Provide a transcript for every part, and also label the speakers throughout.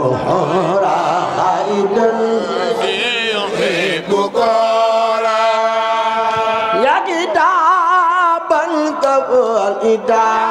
Speaker 1: بكورا خالد في بكورا يا كتابا قبل كتاب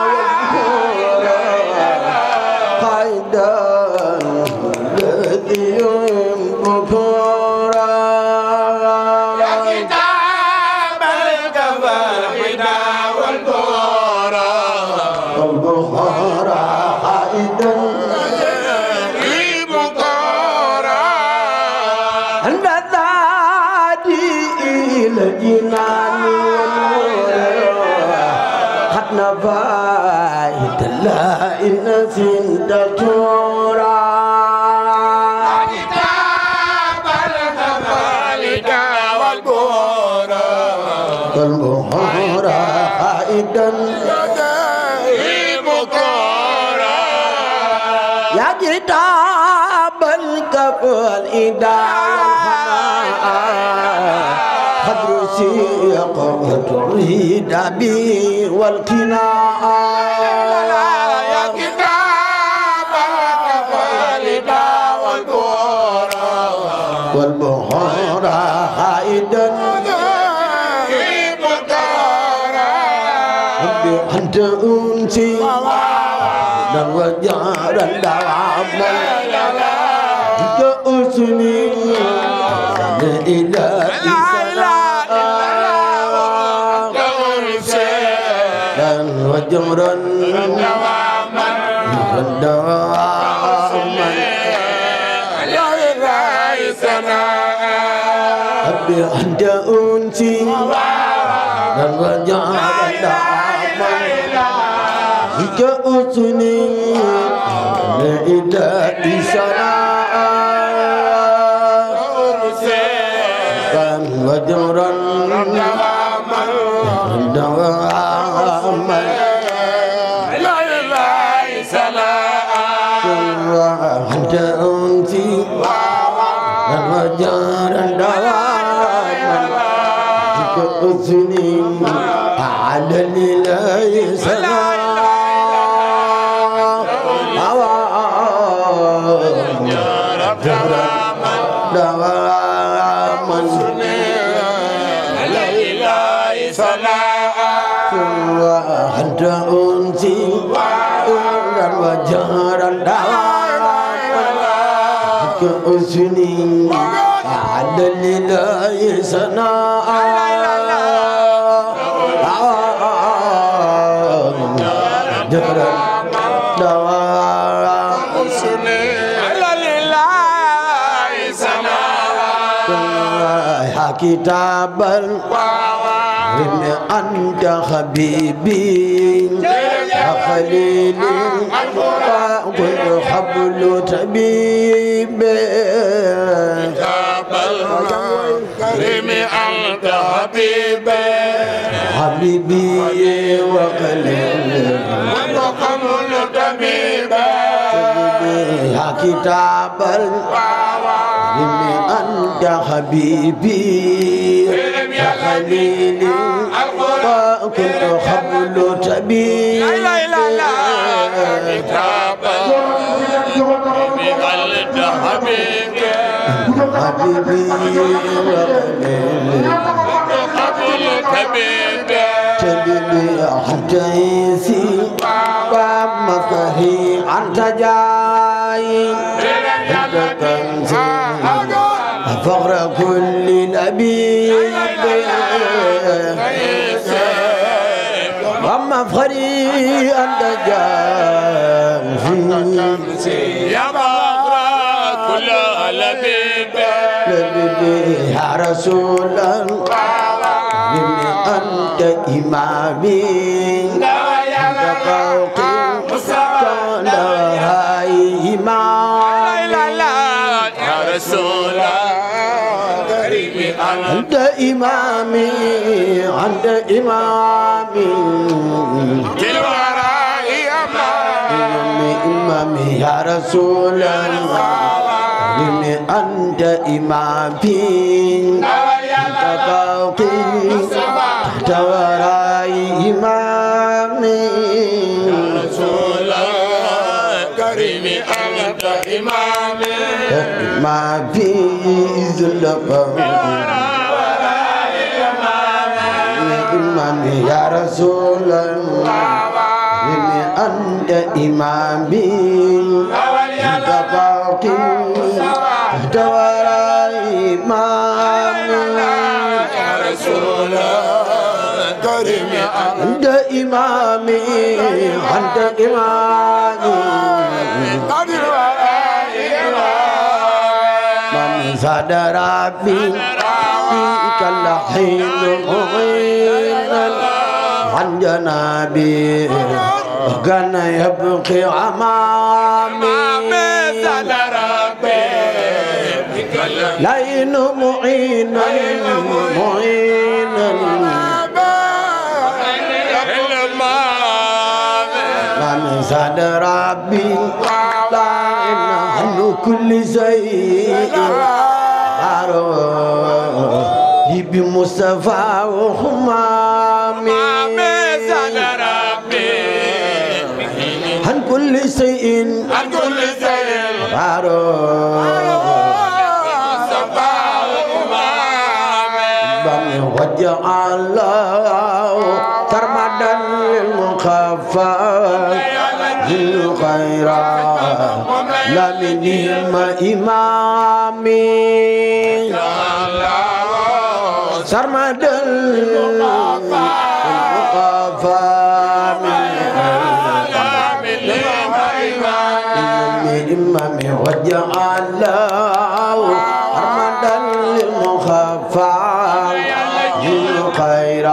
Speaker 1: جدا بكرة يا جتاب الكف والإداء خضر سيق تريد بي والقناع يا كتاب الكف
Speaker 2: والإداء
Speaker 1: والبهار أنت أنسي دا وجارا دا عمل دا أسني لا إله إلا وجمرا الدواما لا إله إلا أبي أنت أنسي dan wajah dan جئتني لإداء سناء وجرا دواما لا إله سناء جئتني وجرا دواما جئتني على الإله سناء أسني على الإله سنا دوام دوام كتابا وعلم أنت حبيبي وخليلي وكل حبل طبيب كتابا وعلم أنت حبيبي حبيبي وخليلي وكل حبل طبيب كتابا إني أنت حبيبي وخليلي وكنت قبل تبي لا إله إلا الله كتابا إني أنت حبيبي حبيبي وخليلي وكنت قبل تبي مفخري أنت جامعي يا مغرى كل لبيب يا رسول الله أنت إمامي أنت فوقي مستقل هاي إمام يا رسول الله أنت إمامي أنت إمامي إمامي يا رسول الله علم أنت إمامي أنت باقي تحت وراي إمامي يا رسول الله كريم أنت إمامي ما في ذلك إمامي يا رسول الله أنت إمامي أنت باقي أنت وراي إمامي يا رسول كريم أنت إمامي أنت إمامي قد وراي من زاد ربي فيك اللحين مغينا عن جنابي كان يبقي أمامي مثل ربي لئن معينا معينا زاد ربي لا عن كل شيء بمصطفى وحمامي زاد ربي كل شيء عن كل شيء فاروق وجعل ترمدا للمخفى للخير لمنهم إمامي ترمدا للمخفى الأمم وجعله حمدا للمخفى من خير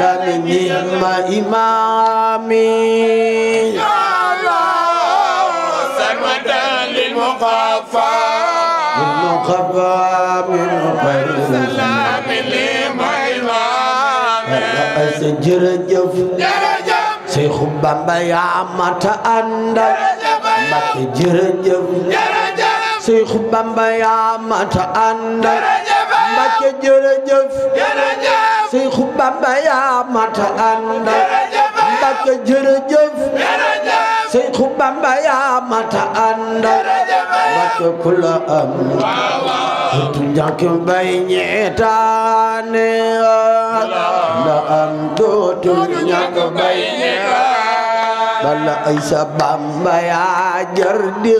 Speaker 1: لم نعم إمامي سرمدا للمخفى للمخفى من خير سلام للمعلم جرجف جرجف شيخ بامبا يا متى عندك Mbàkke jërëjëf jërëjëf Seexu Bamba yaa mata àndal Mbàkke jërëjëf jërëjëf Seexu Bamba yaa mata àndal Mbàkke jërëjëf jërëjëf Seexu Bamba yaa mata àndal Mbàkke ku la am tu njàkk bay ñeetaane la am dootul ñàkk bay ñeetaane bala aysa bamba yaa jar di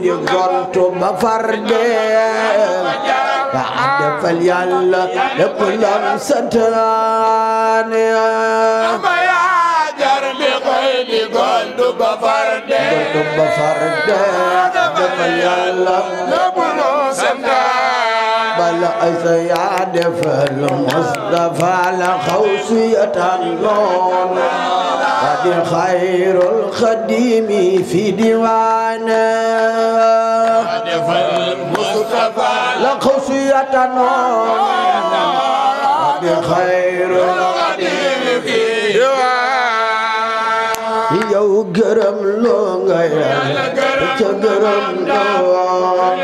Speaker 1: di gontu ba far dee ba defal yàlla lépp lam bamba yaa jar di xëy di ba far dee gontu ba far dee defal bala aysa yaa defal mustafa la xawsiyatan noona الهادي خير الخديم في ديوانا هدف المصطفى لقصية نور خير الخديم في ديوانا يو قرم لونغا يا قرم لونغا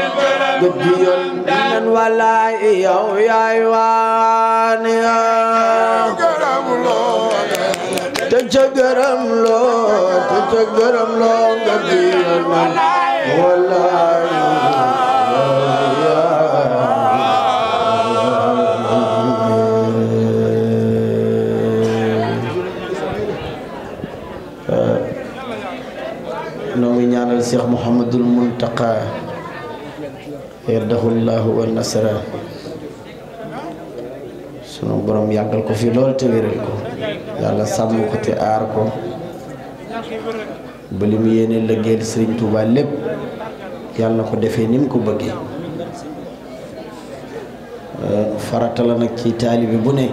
Speaker 1: قديون من ولا يو يا يوانيا ca gërëm loo te ca gërëm loo nga digal man wallaay
Speaker 2: Cheikh Mouhamadul Muntaqa yaddahu llahu wa nasra sunu borom yàggal ko fi lool te wéral ko ko te aar ba li mu yéene lëggéel Sëriñ Tuuba na ko defee ni ko bëggee euh, farata la nag ci taalibe bu ne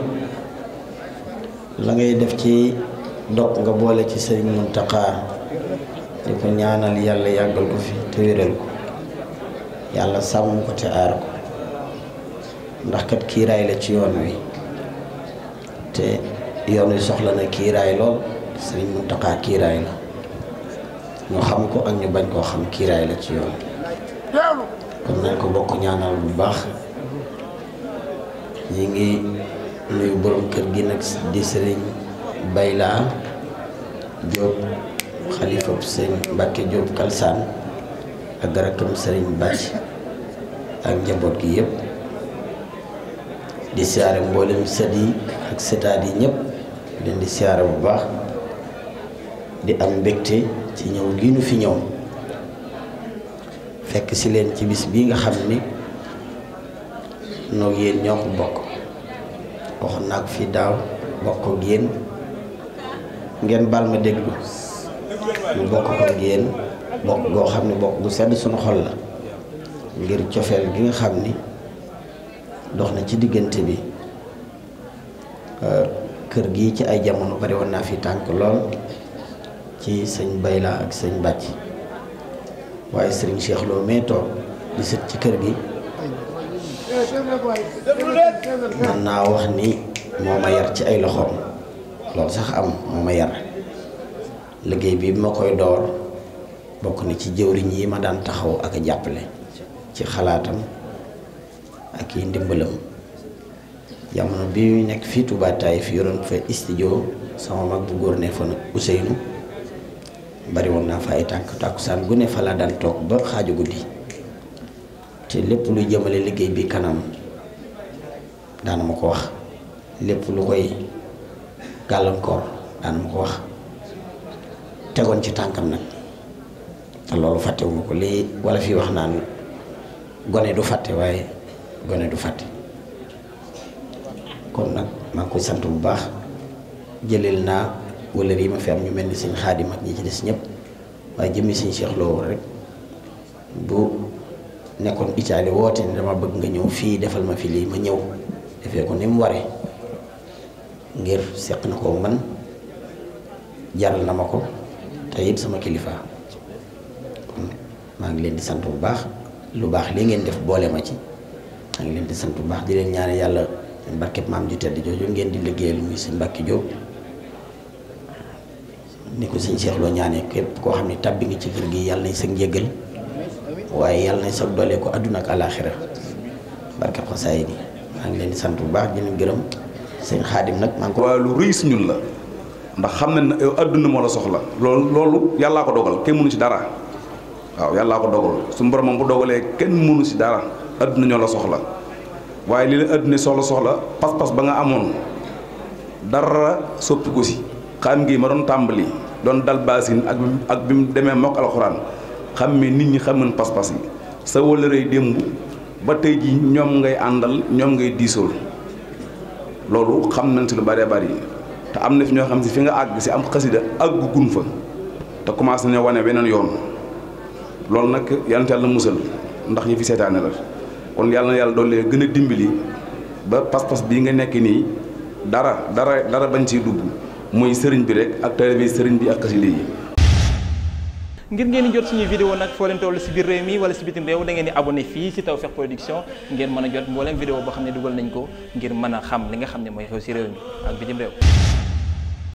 Speaker 2: la ngay def ci ndokk nga boole ci Sëriñ Muntaqa di ko ñaanal yàlla yàggal fi te wéral ko yàlla sàmm ko te aar ko ndax kat kiiraay la ci yoon wi te yoon wi soxla na kiiraay lool sëriñ Muntaxa kiiraay la ñu xam ko ak ñu bañ koo xam kiiraay la ci yoon kon nañ ko bokk ñaanal bu baax ñi ngi nuyu borom kër gi nag di sëriñ Bayla Diop xalifa sëriñ Mbacke Diop Kalsaan ak rakkam sëriñ Bàcc ak njaboot gi yëpp di siyaare mboolem sët yi ak sëtaat yi ñëpp leen di siyaare bu baax di am mbégte ci ñëw giinu fi ñëw fekk si leen ci bis bii nga xam ni noog yéen ñoo ko bokk waxoon naa ko fii daaw bokk ak yéen ngeen baal ma déglu ñu bokk ko ak bokk goo xam ne bokk gu sedd suñu xol la ngir cofeel gi nga xam ni dox na ci diggante bi kër gi ci ay jamono bari woon naa fi tànk lool ci sëñ Bayla ak sëñ Bàcc waaye sëriñ Cheikh Lo mee toog di sët ci kër gi mën naa wax ni moo ma yar ci ay loxoom loolu sax am moo ma yar liggéey bi ma koy door bokk na ci jëwriñ yi ma daan taxaw ak a jàppale ci xalaatam ak yi ndimbalam jamono bi ñu nekk fii Touba Taïf yoroon fa studio sama mag bu góor ne fa nag Ousseynou bari woon naa fa ay tànk tàkkusaan gu ne fa laa daan toog ba xaaju guddi te lépp luy jëmale liggéey bi kanam daana ma ko wax lépp lu koy gàllankoor daana ko wax tegoon ci tànkam nag te loolu fàttewuma ko lii walla fii wax naan gone du fàtte waaye gone du fàtte kon nag maa ngi koy sant bu baax jëleel naa wala yi ma fi am ñu mel ni sëñ xaadim ak ñi ci des ñëpp waaye jëmmi sëñ Cheikh Lo rek bu nekkoon Italie woote ne dama bëgg nga ñëw fii defal ma fi lii ma ñëw defee ko ni mu waree ngir seq na ko man jaral na ma ko te it sama kilifa maa ngi leen di sant bu baax lu baax lii ngeen def boole ma ci maa ngi leen di sant bu baax di ñaar yàlla. barkeb maam ju tedd jooju ngeen di liggéeyal muy sëñ Mbàkke Jóob ni ko sëñ Seex Lo ñaanee képp koo xam ne tàbbi nga ci kër gi yàlla nañ sa njëgal waaye yàlla nañ sa doole ko àdduna ak alaaxira barkeb xasaay bi maa ngi leen di sant bu baax di leen gërëm sëñ Xaadim nag maa ngi ko lu rëy si ñun la ndax xam nañ ne àdduna moo la soxla loolu loolu yàllaa ko dogal kenn mënu si dara waaw yàllaa ko dogal su boromam bu dogalee kenn mënu si dara àdduna ñoo la soxla waaye li la àdduna soxla soxla pas-pas ba nga amoon dara soppiku si xam ngi ma doon tàmbali doon dal baasin ak ak bi mu demee mokk alxuraan xam ne nit ñi xamoon pas-pas yi sa wëlërëy démb ba tey ji ñoom ngay àndal ñoom ngay diisool loolu xam nañ si lu bëree bëri te am na fi ñoo xam si fi nga àgg si am xasida àggu gun fa te commencé nañu wane weneen yoon loolu nag yal na yàlla musal ndax ñi fi seetaane la kon yàlla na yàlla doole gën a dimbali ba pas-pas bii nga nekk nii dara dara dara bañ siy dugg mooy sëriñ bi rek ak taalibe sëriñ bi ak xasida yi ngir ngeen di jot suñuy vidéo nag foo leen toll si biir réew mi wala si bitim réew da ngeen di abonné fii si taw Tawfekh Production ngeen mën a jot mbooleem vidéo boo xam ne dugal nañ ko ngir mën a xam li nga xam ne mooy xew si réew mi ak bitim réew